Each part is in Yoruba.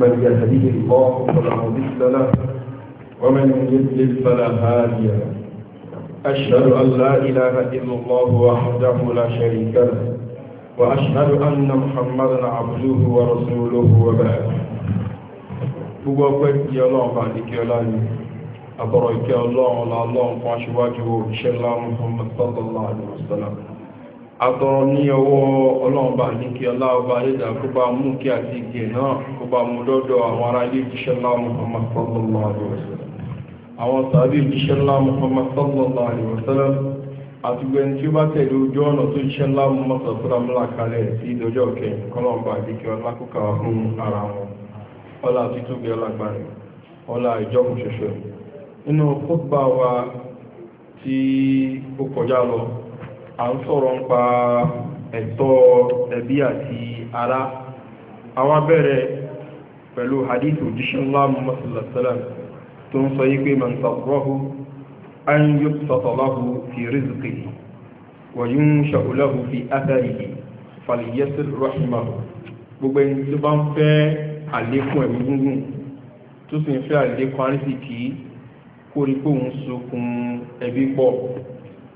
من يهديه الله فلا مضل له ومن يضلل فلا هادي له أشهد أن لا إله إلا الله وحده لا شريك له وأشهد أن محمدا عبده ورسوله وبعد gbogbo ọpẹ́ ti Ọlọ́run bá ní kí ọlá ní àbọ̀rọ̀ ìkẹ́ Ọlọ́run ọlá Ọlọ́run fún aṣíwájú òṣèlá Muhammad sallallahu alaihi wasallam àtọrọ ní ọwọ́ ọlọ́ọ̀bá ní kí aláọba lẹ́dà kó bá mú kí àti ìgbè náà kó bá mú dọ́dọ̀ àwọn ará ilé ìjíṣẹ́ ńlá Muhammad sallallahu alaihi wasallam àwọn tàbí ìjíṣẹ́ sallallahu alaihi wasallam àti gbẹni tí ó bá tẹ̀lé ojú ọ̀nà tó jíṣẹ́ ńlá Muhammad sallallahu alaihi wasallam kalẹ̀ sí ìdọ́jọ́ kẹyìn kọlọ́ọ̀bá àdíkẹ́ ọlákùkà fún ó kọjá lọ à ń sọ̀rọ̀ ń pa ẹ̀tọ́ ẹbí àti ará àwọn abẹ́rẹ̀ pẹ̀lú hadith òjíṣẹ́ ńlá Muhammad sallam tó ń sọ yípe man sarrahu an yubsata lahu fi rizqihi wa yunsha'u lahu fi atharihi falyasir tó bá ń fẹ́ àlékún ẹ̀mí gúngùn tó sì ń sókun ẹbí pọ̀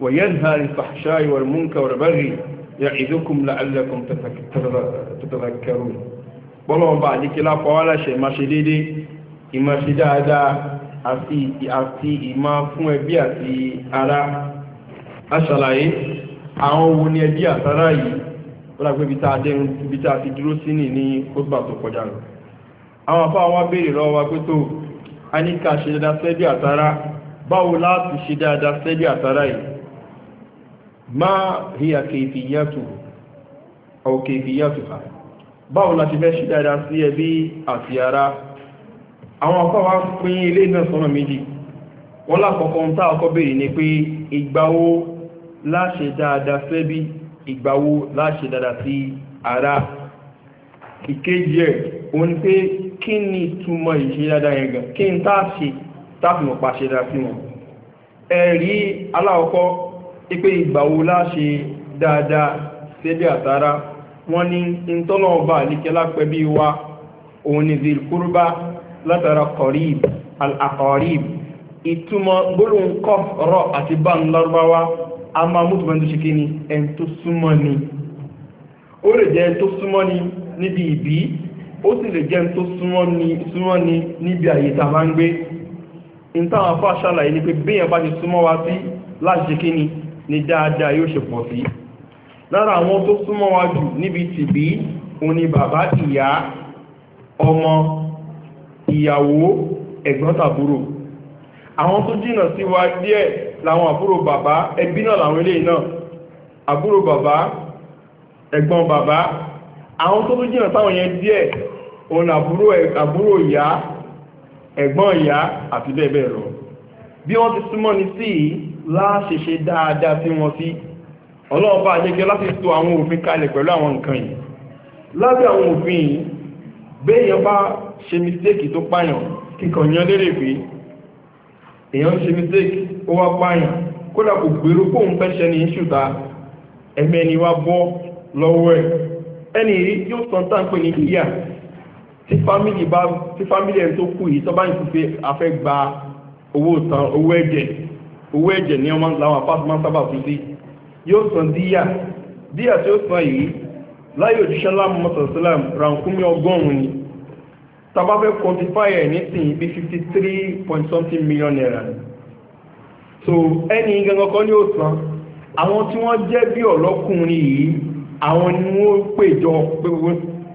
وينهى عن الفحشاء والمنكر والبغي يعظكم لعلكم تتذكرون bọ́lọ́wọ́ bá àdíkí lápọ̀ wá láṣẹ ìmá ṣe dédé ìmá ṣe dáadáa àti ìmá fún ẹbí àti ará aṣàlàyé àwọn wo ni ẹbí àtàrà yìí ó dàgbé bí tá a ti dúró sí ní ní kóbà tó kọjá lọ àwọn afá wá béèrè lọ́wọ́ wa pé tó a ní ká ṣe dáadáa sẹ́bí àtàrà báwo láti ṣe dáadáa sẹ́bí àtàrà yìí ma hiya kayfiyatu aw kayfiyatuha báwo la ti fẹ́ ṣe dáadáa sí ẹbí àti ara àwọn ọkọ̀ wa pín ilé náà sọ́nà méjì wọ́n lákọ̀ọ́kọ́ ń tá ọkọ̀ béèrè ni pé ìgbàwo la dáadáa sẹ́bí ìgbàwo la dáadáa sí ara ìkejì ẹ̀ o ní pé kí ni túmọ̀ ìṣe dáadáa yẹn gan kí ipé ìgbàwó láṣe dáadáa sẹ́dẹ̀ àtàrà wọ́n ní ìtọ́nà ọba àlíkẹ́ lápẹ́ bí wá òun ni zil kúrúbá látara kọ̀ríb al-aqarib ìtumọ̀ gbólóhùn kọf rọ àti bá ń lárúbáwá a máa mú tùmọ̀ tó ṣe kí ni ẹn tó súnmọ́ ni ó lè jẹ́ tó súnmọ́ ni níbi ìbí ó sì lè jẹ́ tó súnmọ́ ni níbi àyè tá máa ń gbé ìtàn àfáà ṣàlàyé ni pé bí èèyàn bá ti súnmọ́ wa sí láti ṣe kí ni ni dáadáa yóò ṣe pọ̀ sí lára àwọn tó súnmọ́ wa jù níbi tìbí òun ni bàbá ìyá ọmọ ìyàwó ẹ̀gbọ́n tàbúrò àwọn tó jìnà sí wa díẹ̀ làwọn àbúrò bàbá ẹbí náà làwọn eléyìí náà àbúrò bàbá ẹ̀gbọ́n bàbá àwọn tó tó jìnà táwọn yẹn díẹ̀ òun àbúrò ìyá ẹ̀gbọ́n ìyá àti bẹ́ẹ̀ bẹ́ẹ̀ lọ bí wọ́n ti súnmọ́ ni sí láṣeṣe dáadáa sí wọn sí ọlọ́run bá jẹ́gẹ́ láti tó àwọn òfin kalẹ̀ pẹ̀lú àwọn nǹkan yìí lábẹ́ àwọn òfin yìí béèyàn bá ṣe mistake tó pààyàn kíkọ̀ yan lérè pé èèyàn ṣe mistake ó wá pààyàn kódà kò gbèrú kóun fẹ́ ṣe ní ṣùtà ẹ̀mẹ́ ni wá bọ́ lọ́wọ́ ẹ̀ ẹni rí yóò sọ tá à ń pè ní ìyà tí fámìlì ẹ̀ tó kù yìí tó bá ń pè afẹ́ gba owó ẹ̀jẹ̀ owó ẹ̀jẹ̀ ní ọmọ láwọn apáṣọmọ́ sábà fún sí yóò san díyà díyà tí ó san yìí láyé òjíṣẹ́ láàmú mọ́sàlásílám rànkúnmí ọgọ́rùn-ún ni tàbáfẹ́ quantify ẹ̀ nísìnyí bí fifty three point something million naira ni so ẹni gangan kan ni ó san àwọn tí wọ́n jẹ́ bí ọ̀lọ́kùnrin yìí àwọn ni wọ́n pè jọ pé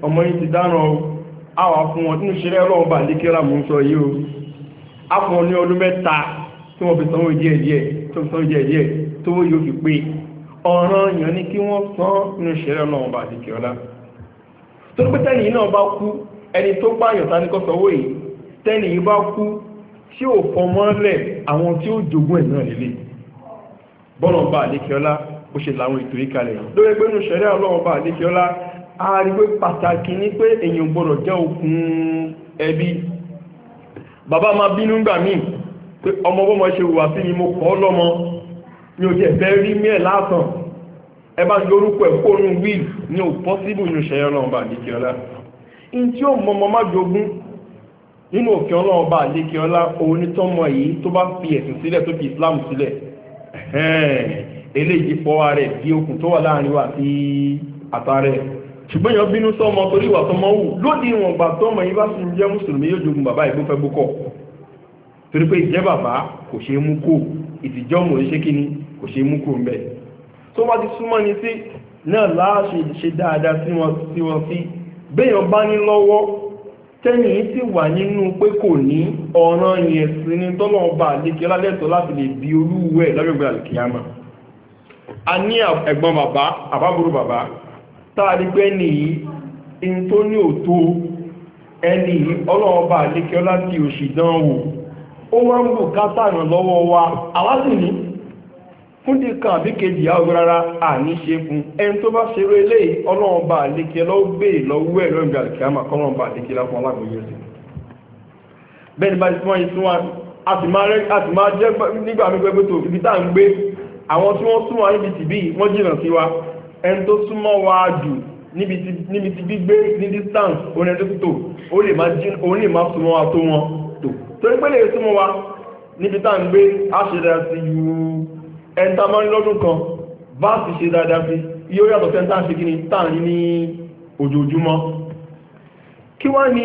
ọmọ yìí ti dáná àwà fún wọn nínú ìṣẹ́lẹ̀ ọlọ́run bà lékèrà mú sọ yìí o a fún ọ ní ọdún mẹ́ta tí wọ́n fi sanwó díẹ̀ díẹ̀ tó fi sanwó díẹ̀ díẹ̀ tó yóò fi pé ọ̀ràn yàn ní kí wọ́n san nínú ìṣẹ̀lẹ̀ náà bá àti kíọ́lá tó pé tẹ́nì náà bá kú ẹni tó pààyàn tá ní kọ́ sanwó yìí tẹ́nì yìí bá kú tí ò fọmọ́lẹ̀ àwọn tí ó jogún ẹ̀ náà lélẹ̀ bọ́lá ọba àdékíọ́lá ó ṣe làwọn ètò yìí kalẹ̀ lórí pé nínú ìṣẹ̀lẹ̀ ọlọ́run ọba àdékíọ́lá a rí pé pàtàkì ní pé èèyàn gbọ́dọ̀ jẹ́ òkun ẹbí bàbá máa bínú gbà míì pé ọmọ bọ́mọ ṣe wùwà sí ni mo kọ́ lọ́mọ ní òjì ẹ̀fẹ́ rí mẹ́ẹ̀ látàn ẹ bá lórúkọ ẹ̀ kónú wíìl ní ò pọ́síbù ní òṣèré ọlọ́run bá àdékè ọlá in tí ó mọmọ má jogún nínú òfin ọlọ́run bá àdékè ọlá òun ní tọ́mọ yìí tó bá fi ẹ̀sìn sílẹ̀ tó fi Islam sílẹ̀ eléyìí fọwọ́ rẹ̀ bí okùn tó wà láàrin wa sí àtàrẹ ṣùgbọ́n èèyàn bínú sọ́mọ torí ìwà tọmọ wù lóde ìwọ̀nba tọmọ yìí bá sì ń jẹ́ mùsùlùmí yóò jogun bàbá ìgbófẹ́ gbókọ̀ torí pé ìjẹ́ bàbá kò ṣe é mú kó ìtìjọ́ mò ń ṣe kí ni kò ṣe é mú kó ń bẹ̀ tó bá ti súnmọ́ ni sí náà láàṣe ṣe dáadáa sí wọn sí wọn sí béèyàn bá ní lọ́wọ́ tẹ́ni yìí sì wà nínú pé kò ní ọ̀ràn yẹn sí ní tọ́lọ́ ọba àlékè lálẹ́tọ̀ láti lè bi olúwẹ̀ lọ́gbẹ̀gbẹ̀ àlùkìyàmà a ní ẹ̀gbọ́n bàbá àbábúrú bàbá táàrí pé ní òtó ẹni yìí ọlọ́ọba láti òṣìdánwò ó wá ń bù kátà ràn lọ́wọ́ wa àwa sì ní fún di kan àbí kejì àwọn rárá àní ṣe fún ẹni tó bá ṣeré eléyìí ọlọ́run bá àlékè lọ́wọ́ gbé e lọ́wọ́ ẹ̀ lọ́wọ́ ìgbàlùkìámà kọ́lọ́run bá àlékè láfún alágbèyẹ sí bẹ́ẹ̀ni ti wa ẹni tó súnmọ́ wa jù níbi tí gbígbé ní distance orin ẹni tó tó ó lè má súnmọ́ wa wọn tó torí pé lè súnmọ́ wa níbi tá ń gbé aṣèdá sí yú ẹ̀ńtà máa ń lọ́dún kan bá sì ṣe dáadáa sí iye orí àtọ̀tẹ́ ń tàṣe kí ni tààrí ní ojoojúmọ́ kí wá ní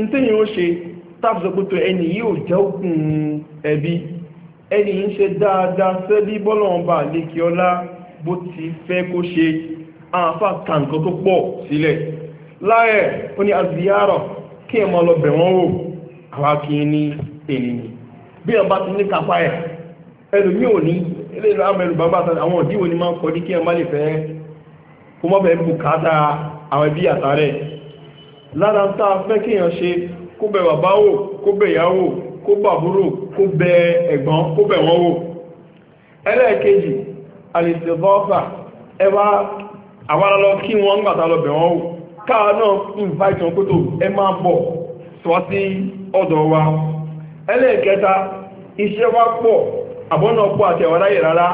ìtẹ́yìn ó ṣe tábùsọ̀pútọ̀ ẹni yìí jẹ́ òkun ẹbí ẹni ń ṣe dáadáa sẹ́bí bọ́lọ̀ọ̀bà lékè bó ti fẹ́ kó ṣe àǹfà kàǹkan tó pọ̀ sílẹ̀ láyẹ̀ ó ní aziyarọ̀ kí ẹ máa lọ bẹ̀ wọ́n wò àwọn akíyí ní ènìyàn bí ọba ti ní kápá ẹ̀ ẹlòmí ò ní ilé ìlú àmọ́ ẹlòmí bàbá àtàrà àwọn òdíwò ni máa ń kọ́ ní kí ẹ má lè fẹ́ kó mọ́ bẹ̀ẹ́ bùkátà àwọn ẹbí àtàrẹ lára ń tá fẹ́ kéèyàn ṣe kó bẹ bàbá wò kó bẹ ìyá kó bàbúrò kó bẹ ẹ̀gbọ́n kó bẹ wọn wò ẹlẹ́ẹ̀kejì àlèsèbọ́fà invite wọn kó tó ẹ tọ́ sí ọ̀dọ̀ wa ẹlẹ́ẹ̀kẹta iṣẹ́ wa pọ̀ àbọ́nà ọ̀pọ̀ àti ẹ̀wàláyè rárá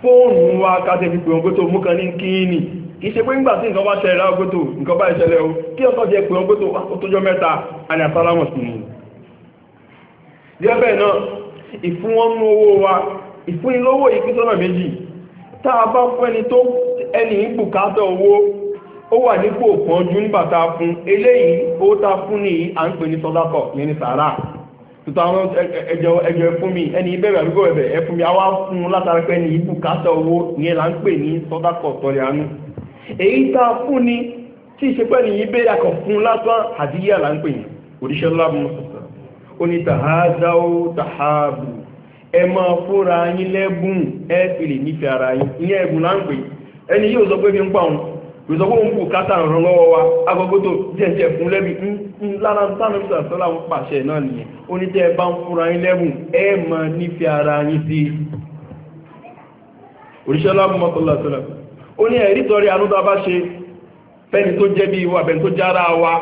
fóònù wa káṣẹ́ fi pè wọn tó mú kan ní kíínì kìí pé ńgbà tí nǹkan bá ṣẹlẹ̀ ọgbẹ́ nǹkan bá ìṣẹlẹ̀ o kí ah, jẹ mẹ́ta àni ni náà ìfún wọn owó wa ìfún ilówó a bá fún ó wà nípò òpọn ojú fun fún eléyìí ó ta fún ní à ń pè ní sọ́dákọ̀ yẹn ní sàárà tuntun àwọn ẹjọ ẹjọ fún mi ẹni bẹ̀rẹ̀ àbíkọ̀ ẹ̀bẹ̀ ẹ fún mi àwa fún un látara pé ní ibù owó ta fún ni tí ìṣepẹ́ ní ibẹ̀ akọ̀ fún lásán àdíyà ń pè ní òdíṣẹ́ lábùn tàhádáwó tàhábù ẹ máa fúnra yín lẹ́bùn nífẹ̀ẹ́ ara yín ìsọ̀gbọ́n òun kù kátà ràn lọ́wọ́ wa agogoto jẹ́jẹ́ fún lẹ́bi ń lára sánúfà sọ́lá ń pàṣẹ náà nìyẹn ó ní tẹ́ ẹ bá ń fúnra yín lẹ́bùn ẹ mọ̀ nífẹ̀ẹ́ ara yín sí i òṣìṣẹ́ lábùmọ́tòlá sọ́lá ó ní ẹ̀rí tọ́rí anúdá bá ṣe fẹ́ni tó jẹ́ bí wa bẹ́ni tó jára wa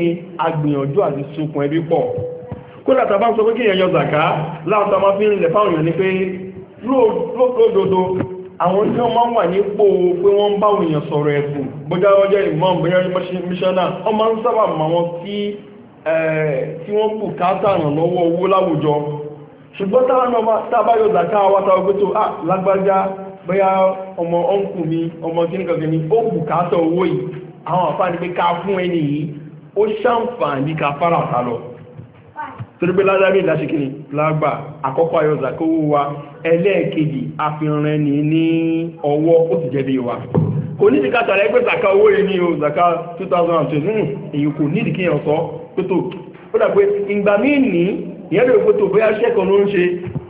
ni agbìyànjú àti sunkún kódà tàbá ń sọ pé kí èèyàn yọ zàká láwọn tàbá fi ń rìnlẹ̀ fáwọn èèyàn ni pé lóòdodo àwọn tí wọ́n máa ń wà nípò pé wọ́n ń bá èèyàn sọ̀rọ̀ ẹ̀bùn bójá ọjọ́ ìmọ̀n bóyá míṣánná wọ́n máa ń sábà mọ̀ wọn tí wọ́n kù káàtà ràn lọ́wọ́ owó láwùjọ ṣùgbọ́n tábà yọ zàká wa táwọn pé tó à ah, lágbájá bóyá ọmọ ọ̀nkù mi ọmọ kíníkankíní ó kù káàtà owó yìí àwọn àfáà ni pé ká fún ẹni yìí ó ṣàǹfààní ká fara ọ̀tá lọ torípé ládàbí ìdáṣekiri lágbà àkọ́kọ́ ayọ̀zà kó wó wa ẹlẹ́ẹ̀kejì àfihàn ẹni ní ọwọ́ ó ti jẹ́ bí wa kò ní ìdíkà tààrẹ pé zaka owó yìí ní o zaka 2002 nínú èyí kò ní ìdíkì yàn sọ pé tó ó dà pé ìgbà míì ní ìyẹn lè pé tó bóyá iṣẹ́ kan ló ń ṣe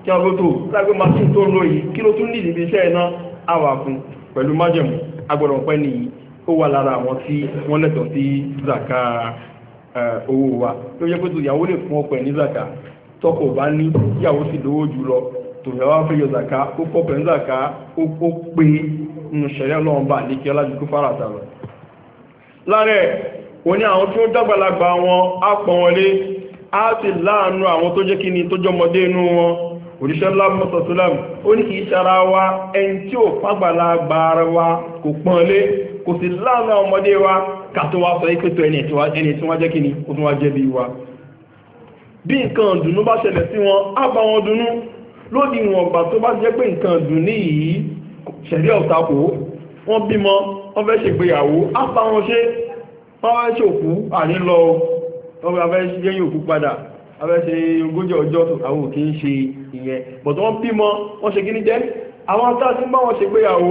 kí wọ́n tó lágbé machine tó ń kí ló tún ní ìdíbi iṣẹ́ iná àwà fún pẹ̀lú májẹ̀mú agbọ̀dọ̀ pẹ́ nìyí ó wà lára àwọn tí wọ́n lẹ́tọ̀ọ́ sí zaka owó wa ló yẹ pé tó ìyàwó lè fún ọkọ ẹ̀ ní zaka tọkọ bá ní ìyàwó sì lówó jù lọ tó ìyàwó fẹ́ yọ zaka ó kọ́ pẹ̀lú zaka ó pé ń ṣẹ̀rẹ́ lọ́wọ́n bá ní kí ọlájú kó fárata lọ. lára ẹ̀ wọ́n ní àwọn tí ó dàgbàlagbà wọn á pọ̀ wọlé á sì láàánú àwọn tó jẹ́ kí ni tó jọmọdé inú wọn òṣìṣẹ́ ńlá láàmù ó ní kì í wa ẹni tí ò fàgbàlagbà wa kò pọ́n lé kò sí láàrín ọmọdé wa kàtó wá sọ ìpètò ẹni tí wọ́n jẹ́ kí ni ó tún wá jẹ́ bí wa bí nǹkan dùnú bá ṣẹlẹ̀ sí wọn á bá wọn dùnú lódì wọn ọgbà tó bá jẹ́ pé nǹkan dùn ní yìí ṣẹ̀rí ọ̀tapò wọ́n bímọ wọ́n fẹ́ ṣègbéyàwó á bá wọn ṣe wọ́n fẹ́ ṣòkú ànílọ wọ́n fẹ́ ṣe yóò kú padà abẹ́ṣe ogójì ọjọ́ àwọn òkè ń ṣe ìyẹn bọ̀tọ̀ wọ́n bímọ wọ́n ṣe kí ní jẹ́ àwọn atá ti ń bá wọn ṣègbéyàwó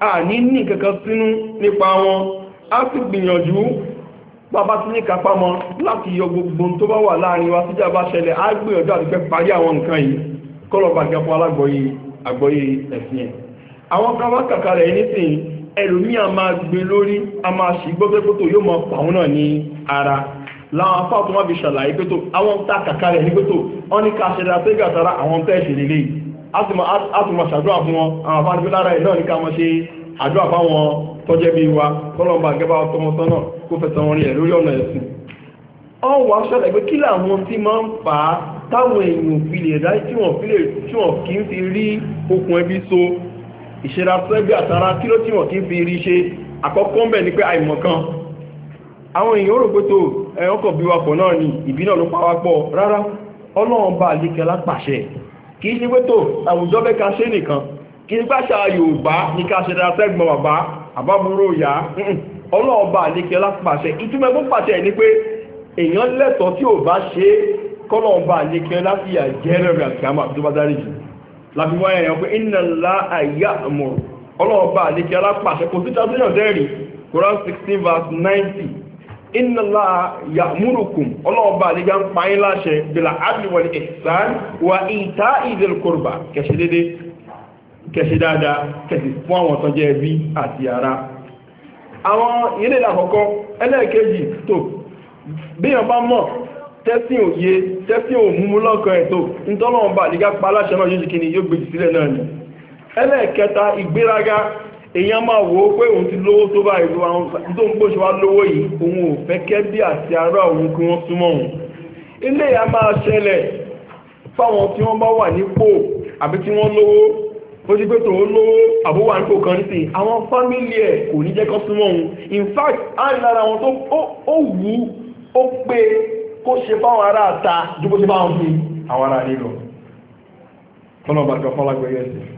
a ní ní kankan sínú nípa wọn a sì gbìyànjú bàbá tí ní kápá láti yọ gbogbo tó bá wà láàrin wa síjà bá ṣẹlẹ̀ a gbìyànjú àti pẹ́ parí àwọn nǹkan yìí kọ́lọ̀ bá gẹ́fún alágbọ̀yé àgbọ̀yé ẹ̀sìn ẹ̀ àwọn kan wá kàkà rẹ̀ nísìnyí ẹlòmí a máa gbé lórí a ara láwọn afá tó wọ́n fi ṣàlàyé pé tó àwọn tá kàkà rẹ̀ ní pé átùmọ̀ ṣàdúrà fún wọn àwọn afáàdúgbé lára ẹ̀ náà ní ká mọ́ sí àdúrà fáwọn tọ́jẹ́ bí wa kọ́lọ̀mbà gẹ́bà ọtọmọsọ́nà kó fẹ̀sọ̀ wọn rí ẹ̀ lórí ọ̀nà ẹ̀sìn ọ wà ṣẹlẹ̀ pé kí làwọn tí máa ń fà á táwọn èèyàn fi lè dá tí wọ́n fi lè tí wọ́n kì í fi rí okùn ẹbí so ìṣẹ́ra sẹ́gbẹ́ àtara kí ló tí wọ́n kì í fi rí ṣe àkọ́kọ́ ń bẹ̀ ni pé àìmọ̀kan àwọn èèyàn rò pé tó ẹ̀yọ́kọ̀ bí wakọ̀ náà ni ìbí náà ló pa wá pọ̀ rárá ọlọ́run bá àlékẹ́ lápàṣẹ kìí ṣe pé tó àwùjọ bẹ́ ká ṣe nìkan kìí gbáṣà Yorùbá ní ká ṣe dára sẹ́gbọ̀n bàbá àbábúrò ìyá ọlọ́ọ̀bà àlékẹ́ lápàṣẹ ìtumẹ̀ fún pàṣẹ ní pé èèyàn lẹ́tọ̀ọ́ tí ò bá ṣe kọ́lọ̀ọ̀bà àlékẹ́ láti àjẹ́rẹ̀rẹ̀ àti àmà verse 90 inna allaha ya'murukum ọlọ́ọ̀bá àdíjá ń pa yín láṣẹ bílá adìwọ̀lì ihsan wa ìta ìdìl kùrbà kẹsì dédé kẹsì dáadáa kẹsì fún àwọn tó jẹ́ ẹbí àti ara àwọn ilé àkọ́kọ́ ẹlẹ́ẹ̀kejì tó bí yàn bá mọ̀ tẹ́sìn òye tẹ́sìn òmúmú tó èyàn máa wò ó pé òun ti lówó tó bá ìlú àwọn tó ń gbóṣe wá lówó yìí òun ò fẹ́ kẹ́bí àti ará òun kí wọ́n súnmọ́ òun ilé a máa ṣẹlẹ̀ fáwọn tí wọ́n bá wà nípò àbí tí wọ́n lówó ó ti pé tòun lówó àbúwà nípò kan nísìn àwọn fámílì ẹ̀ kò ní jẹ́ kán súnmọ́ òun in fact á ń lára wọn tó ó wù ú ó pé kó ṣe fáwọn ará àta ju kó ṣe fáwọn fi àwọn ará nílò kọ́nà bàtà fọ́lágbẹ́yẹsì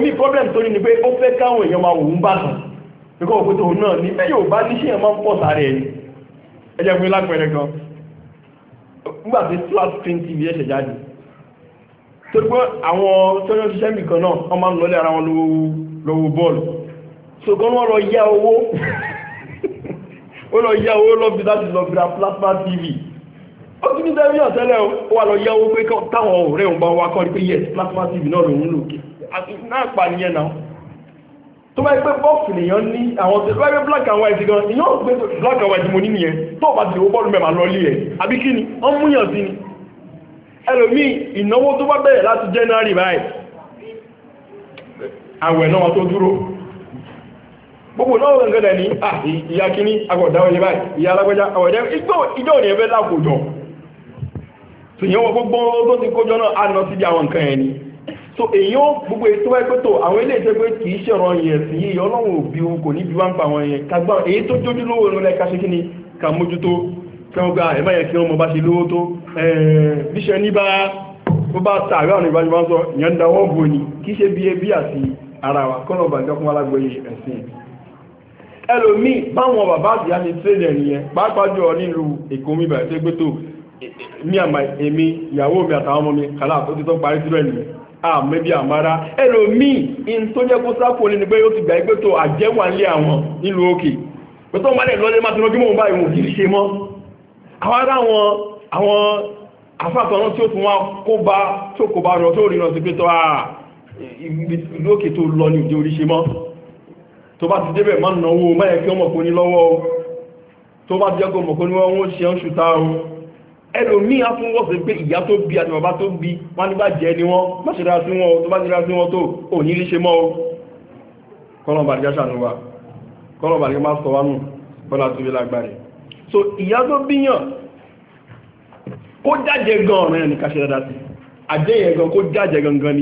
mi problem tó ní ni pé ó fẹ́ káwọn èèyàn máa wù ú bá tàn nígbà òkú tó náà ní bí yóò bá níṣẹ́ yẹn máa ń pọ̀ sáré ẹni ẹ fún yín lápẹẹrẹ nígbà tí flat screen tv ẹ̀ṣẹ̀ jáde tó pé àwọn tọ́jọ́ ṣiṣẹ́ mi kan náà wọ́n máa ń lọlé ara wọn lọ́wọ́ bọ́ọ̀lù so kan wọ́n lọ yá owó ó lọ yá owó lọ́bi láti lọ bìrà plasma tv ó tún ní sẹ́yìn ọ̀tẹ́lẹ̀ ó wà lọ yá owó pé táwọn ọ̀rẹ́ òun bá wá kọ́ pé yes plasma tv náà lòun lò àtúntò náà pànìyàn náà tó bá gbé bọ́ọ̀sì nìyàn ní àwọn tó black and white gan ìyàn gbé black and white mo ní nìyẹn tó bá ti wọ́ bọ́ọ̀lù mẹ́ma lọ lé ẹ̀ e. àbí kí ni wọ́n mú yàn sí ni ẹlòmí ìnáwó tó bá bẹ̀rẹ̀ láti January báyìí àwẹ̀ náà tó dúró gbogbo náà wọ́n gẹ́gẹ́ ní ah, ìyá kíní agbọ̀dá oye báyìí ìyá alágbẹ́já àwọ̀dẹ́ ìjọ ní ẹgbẹ́ lákòjọ tìyànwọ́ gbogbo tó ti kójọ náà á nọ sí àwọn nǹkan ẹni so èyàn gbogbo ètò ẹgbẹ́ tó àwọn ilé ìjẹ́gbẹ́ kì í ṣẹ̀rọ̀ yẹn sí yìí ọlọ́run òbí wọn kò ní bí wọn pa wọn yẹn kagbá èyí tó jójú lówó ẹnu lẹ́ka ṣe kí ni kà mójútó kẹwọ́gá ẹ̀má yẹ kí wọ́n mọ bá ṣe lówó tó bíṣẹ́ ní bá bó bá ta àríwá àwọn ìbájú wọn sọ ìyẹn da wọn bò ní kì í ṣe bí mi bàtẹ́gbẹ́tò mi àmà èmi ìyàwó mi àtàwọn ọmọ mi kàlá àmẹ́bí ah, àmárá ẹlòmíì in tó jẹ́ kó sáfò ní pé ó ti gbà ẹgbẹ́ tó àjẹ́wà nílé àwọn nílùú òkè pẹ̀tọ́ wọ́n lè lọ́lẹ́ máa tó lọ́gbọ́n bá ìwọ̀n kìí ṣe mọ́ àwọn ará àwọn tí ó fún wa kó bá tó kò bá rọ tó rí náà sí pé tó à ah, ìlú òkè tó lọ ní òde ẹlòmíì á tún wọ́sẹ̀ pé ìyá tó bí àti bàbá tó bí wọ́n ní bá jẹ́ ni wọ́n má ṣe dára sí wọn tó bá ṣe dára sí wọn tó ò ní mọ́ o kọ́lọ̀ bàdí gáṣà nù wa kọ́lọ̀ bàdí má sọ wá bọ́lá tó bí lágbàrẹ̀ so ìyá tó bíyàn kó jáde gan ọ̀rọ̀ ẹni káṣẹ́ dára sí àjẹyẹ gan kó jáde gangan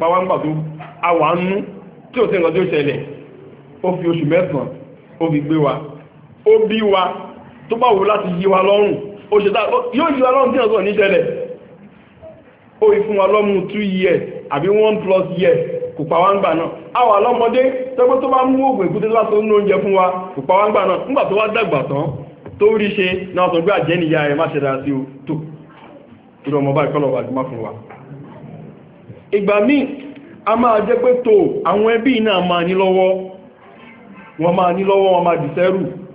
pa wá ńgbà tó awà ń nú tí ò sí nǹkan tó ṣẹlẹ̀ ó fi tó bá wù láti yí wa lọ́rùn yóò yí lọ́rùn tí ọ̀sán ní tẹ́lẹ̀ ó yí fún wa lọ́mù 2 years àbí 1 plus years kò pa wá ń gbà náà àwa lọ́mọdé tẹ́gbẹ́ tó bá mú ògùn èkúté lásán fún wa kò pa wá ń gbà náà tó wá dàgbà tán tó rí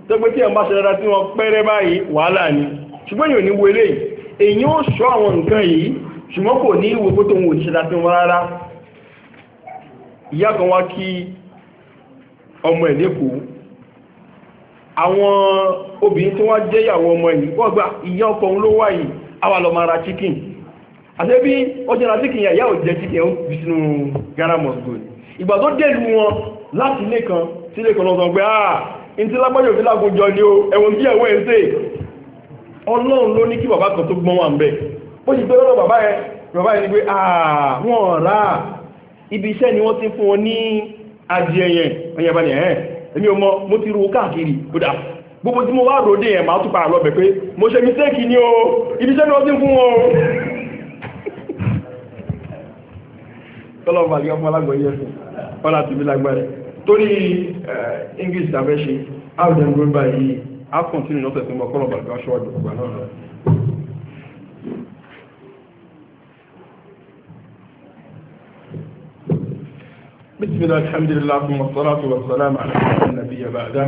tó pé tí ẹ̀ ń bá ṣe tí wọ́n pẹ́rẹ́ báyìí wàhálà ni ṣùgbọ́n yóò ní wo eléyìí èyí ó ṣọ́ àwọn nǹkan yìí ṣùgbọ́n kò ní ìwò tó ń wò ṣe dáadáa tí wọ́n rárá ìyá kan wá kí ọmọ ẹ̀ lẹ́kọ̀ọ́ àwọn obìnrin tí wọ́n jẹ́ ìyàwó ọmọ yìí wọ́n gba ìyá ọkọ òun ló wà yìí àwa lọ máa ra ilé kan sílé kan ìtí lágbájò sí lágbójọ ni o ẹ̀wọ̀n tí ẹ̀wọ̀n ẹ̀ ṣe ọlọ́run ló ní kí bàbá kan tó gbọ́n wà ń bẹ̀ bó ṣe tó lọ́dọ̀ bàbá yẹn bàbá yẹn ni pé àwọn rà ibi iṣẹ́ ni wọ́n ti fún wọn ní adìẹ yẹn ẹ̀yẹ bá ní ẹ̀ èmi ò mo ti ru káàkiri kódà gbogbo tí mo wá ròde yẹn máa tún para pé mo ṣe mistake ni o ibi iṣẹ́ ni wọ́n ti fún wọn o tọ́lọ́ torí English tàbẹ́ṣe áwùjẹ́ gbogbo yìí á kọ̀ntínú lọ́sẹ̀ tó mọ́ kọ́lọ̀ bàbá ṣọ́ọ̀dù ọgbà náà بسم الله الحمد لله ثم الصلاة والسلام على النبي بعده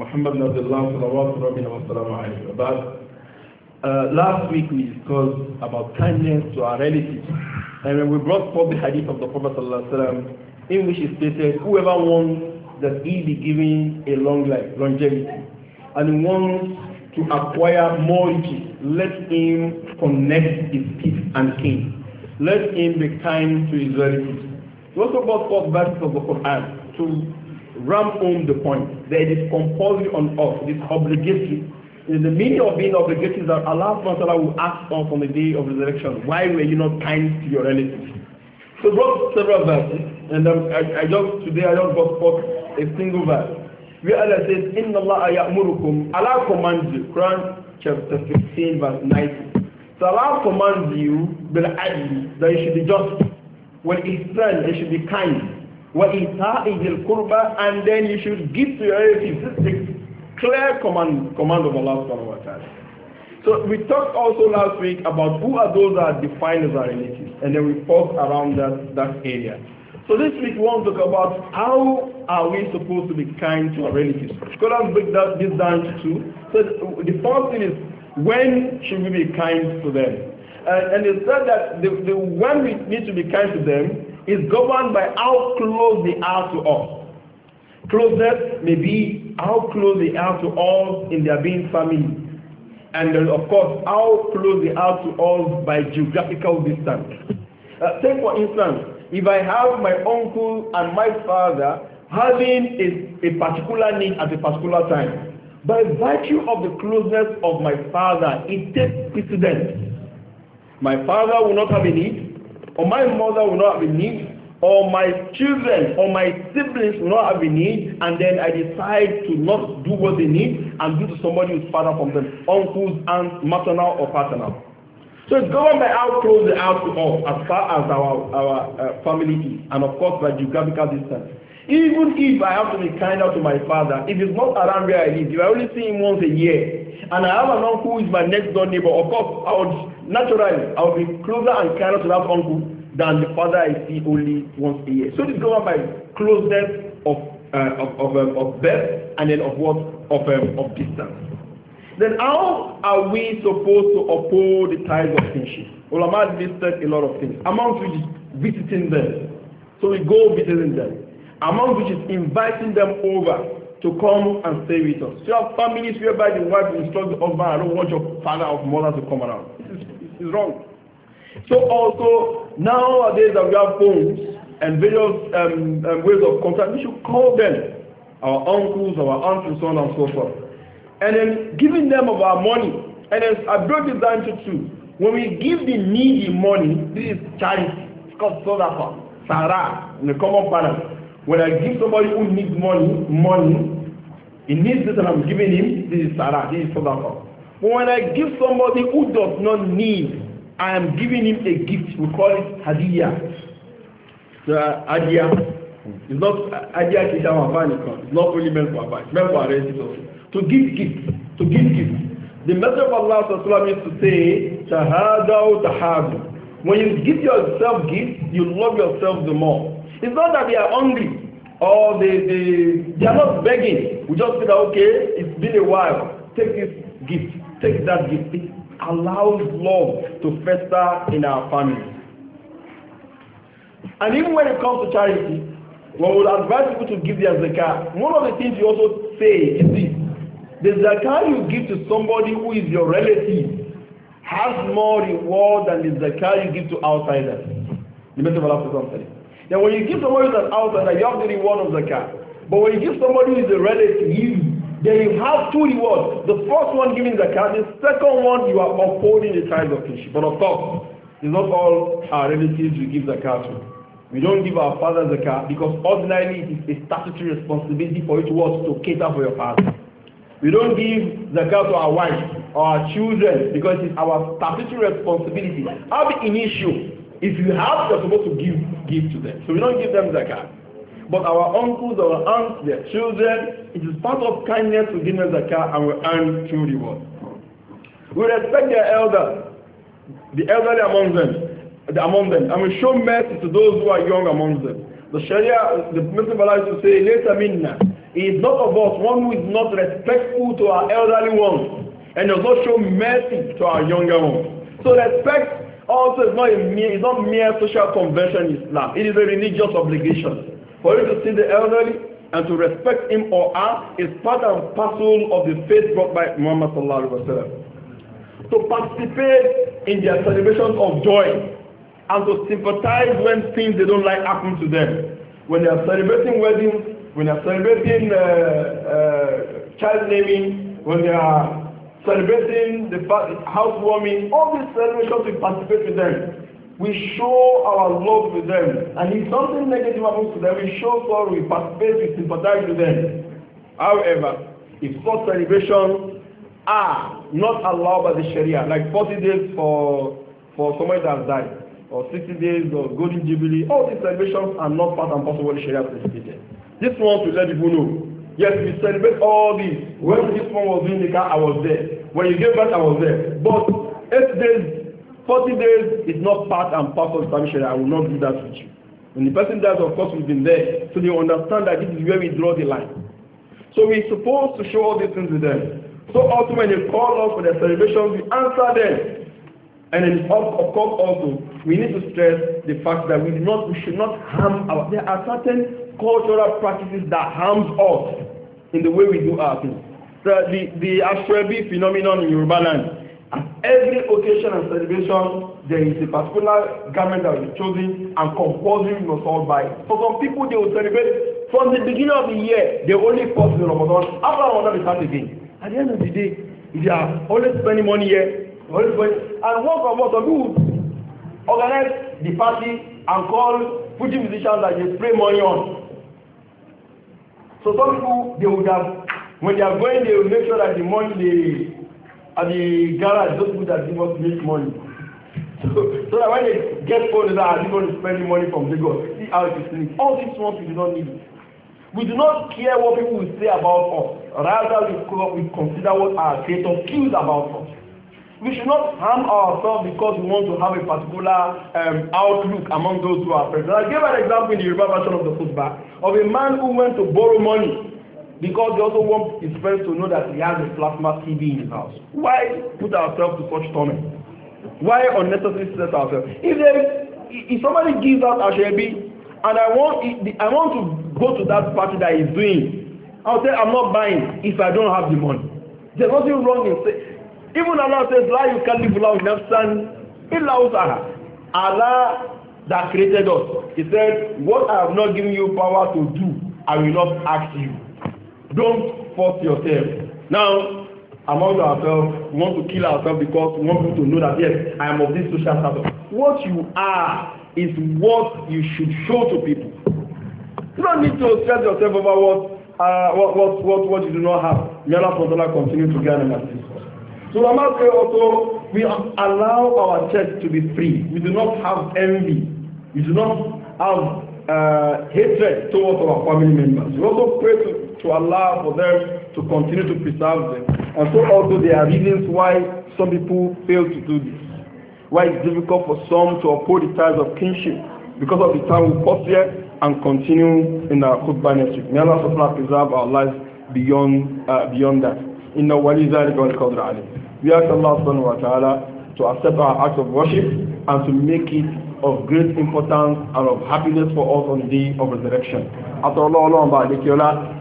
محمد بن عبد الله صلوات ربنا والسلام عليه وبعد Uh, last week we discussed about kindness to our relatives. And when we brought forth the hadith of the Prophet ﷺ, in which he stated, whoever wants that he be given a long life, longevity, and wants to acquire more riches, let him connect his peace and kin. Let him be kind to his relatives. He also brought forth verses of the Quran to ram home the point that it is compulsory on us, it is obligatory is the meaning of being obligated that Allah SWT will ask us on the day of resurrection, why were you not kind to your relatives? So brought several verses, and um, I, I just today I just got caught a single verse. Where Allah says, Inna Allah ya'murukum, Allah commands you, Quran chapter 15 verse 90. So Allah commands you, bil adli, that you should be just, when he's friend, you should be kind, wa ita'i al kurba, and then you should give to your relatives. This Clear command, command of Allah subhanahu wa ta'ala. So we talked also last week about who are those that are defined as our relatives, and then we paused around that, that area. So this week we want to talk about how are we supposed to be kind to our relatives. Scholars break that, this down to two. So the first thing is when should we be kind to them? Uh, and it said that the, the, when we need to be kind to them is governed by how close they are to us. Closeness may be how close they are to us in their being family. And then, of course, how close they are to us by geographical distance. Uh, take for instance, if I have my uncle and my father having a, a particular need at a particular time, by virtue of the closeness of my father, it takes precedence. My father will not have a need, or my mother will not have a need, or my children or my siblings will not have a need and then I decide to not do what they need and do to somebody who's father from them, uncles, aunts, maternal or paternal. So it's governed by how close they are to us as far as our, our uh, family is and of course by geographical distance. Even if I have to be kinder to my father, if he's not around where I live, if I only see him once a year, and I have an uncle who is my next door neighbor, of course, I would naturally, I would be closer and kinder to that uncle than the father I see only once a year. So this goes by closeness of uh, of of, um, of birth and then of what of um, of distance. Then how are we supposed to uphold the ties of kinship? Ulama listed a lot of things. Among which is visiting them. So we go visiting them. Among which is inviting them over to come and stay with us. you have families whereby the wife instructs the husband, I don't want your father or mother to come around. This is, this is wrong. So also, nowadays that we have phones and various um, um, ways of contact, we should call them, our uncles, our aunts, and so on and so forth. And then giving them of our money. And then I broke it down to two. When we give the needy money, this is charity. It's called sadaqa, sarah, in the common parlance. When I give somebody who needs money, money, he needs this and I'm giving him, this is sarah, this is sadaqa. But when I give somebody who does not need I am giving him a gift. We call it hadiya. So, uh, hadiya. It's not uh, hadiya kì í ṣe It's not only meant for àbá. It's meant for our also. To give gift. To give gift. The message of Allah sallallahu is to say, tahadaw tahadu. When you give yourself gift, you love yourself the more. It's not that they are hungry or they, they, they are not begging. We just feel that, okay, it's been a while. Take this gift. Take that gift allows love to fester in our family, And even when it comes to charity, we would advise people to give their zakah. One of the things you also say is this. The zakah you give to somebody who is your relative has more reward than the zakah you give to outsiders. The message of Allah for Then when you give somebody who is an outsider, you have the reward of zakah. But when you give somebody who is a relative, Then you have two rewards. The first one giving the zakat, the second one you are upholding the tithe of fish. But of course, it's not all our relatives we give the zakat to. We don't give our father the car because ordinarily it is a statutory responsibility for it was to cater for your father. We don't give the car to our wife or our children because it's our statutory responsibility. Have an issue. If you have, you're supposed to give give to them. So we don't give them the car. But our uncles, our aunts, their children, it is part of kindness to give them care, and we earn true reward. We respect their elders, the elderly among them, the, among them, and we show mercy to those who are young among them. The Sharia, the Messenger of Allah to say, later minna, he is not of us one who is not respectful to our elderly ones and does not show mercy to our younger ones. So respect also is not, a mere, is not mere social convention in Islam. It is a religious obligation. For you to see the elderly and to respect him or her is part and parcel of the faith brought by Muhammad sallallahu alaihi wasallam. To participate in their celebrations of joy and to sympathize when things they don't like happen to them. When they are celebrating weddings, when they are celebrating uh, uh, child naming, when they are celebrating the housewarming, all these celebrations to participate with them we show our love to them. And if something negative happens to them, we show sorrow, we participate, we sympathize with them. However, if such celebrations are not allowed by the Sharia, like forty days for, for somebody that has died, or sixty days or golden jubilee, all these celebrations are not part and parcel of the Sharia participated. This one to let people know. Yes, we celebrate all these. When this one was in the car, I was there. When you gave birth, I was there. But eight days 40 days is not part and parcel of Islamic Sharia. I will not do that with you. When the person dies, of course, we've been there. So they understand that this is where we draw the line. So we're supposed to show all these things to them. So also when they call us for their celebration, we answer them. And then of course also, we need to stress the fact that we, do not, we should not harm our, there are certain cultural practices that harms us in the way we do our things. So the, the Ashrebi phenomenon in Yoruba land, At every occasion and celebration, there is a particular garment that is chosen and compulsory you must all buy. For some people, they will celebrate from the beginning of the year, they only fast in Ramadan. After Ramadan, they start again. At the end of the day, if they are always spending money here, always spending. And work on us, some people organize the party and call Fuji musicians that they spray money on. So some people, they would have, when they are going, they will make sure that the money they At the garage, those people that give us make money. So, so that when they get phone, that are going to spend money from Lagos, see how it is linked. All these ones we do not need. We do not care what people will say about us. Rather, we, we consider what our creator feels about us. We should not harm ourselves because we want to have a particular um, outlook among those who are present. I gave an example in the Yoruba version of the khutbah of a man who went to borrow money because we also want his friends to know that he has a plasma TV in his house. Why put ourselves to such torment? Why unnecessarily stress ourselves? If, there, if somebody gives out Ashebi and I want, I want to go to that party that he's doing, I'll say I'm not buying if I don't have the money. There's nothing wrong in saying. Even Allah says, La you can't live without nafsan illa usaha. Allah that created us, He said, what I have not given you power to do, I will not ask you. Don't force yourself. Now, among ourselves, we want to kill ourselves because we want people to know that, yes, I am of this social status. What you are is what you should show to people. You don't need to stress yourself over what, uh, what, what, what, what you do not have. May Allah Ta'ala continue to guide and assist us. So Ramah say also, we allow our church to be free. We do not have envy. We do not have uh, hatred towards our family members. We also pray to to allow for them to continue to preserve them. And so also there are reasons why some people fail to do this. Why it's difficult for some to uphold the ties of kinship because of the time we pause here and continue in our khutbah next week. May Allah subhanahu preserve our lives beyond uh, beyond that. Inna wali zalika qadr alim. We ask Allah subhanahu wa ta'ala to accept our acts of worship and to make it of great importance and of happiness for us on the day of resurrection. After Allah, Allah,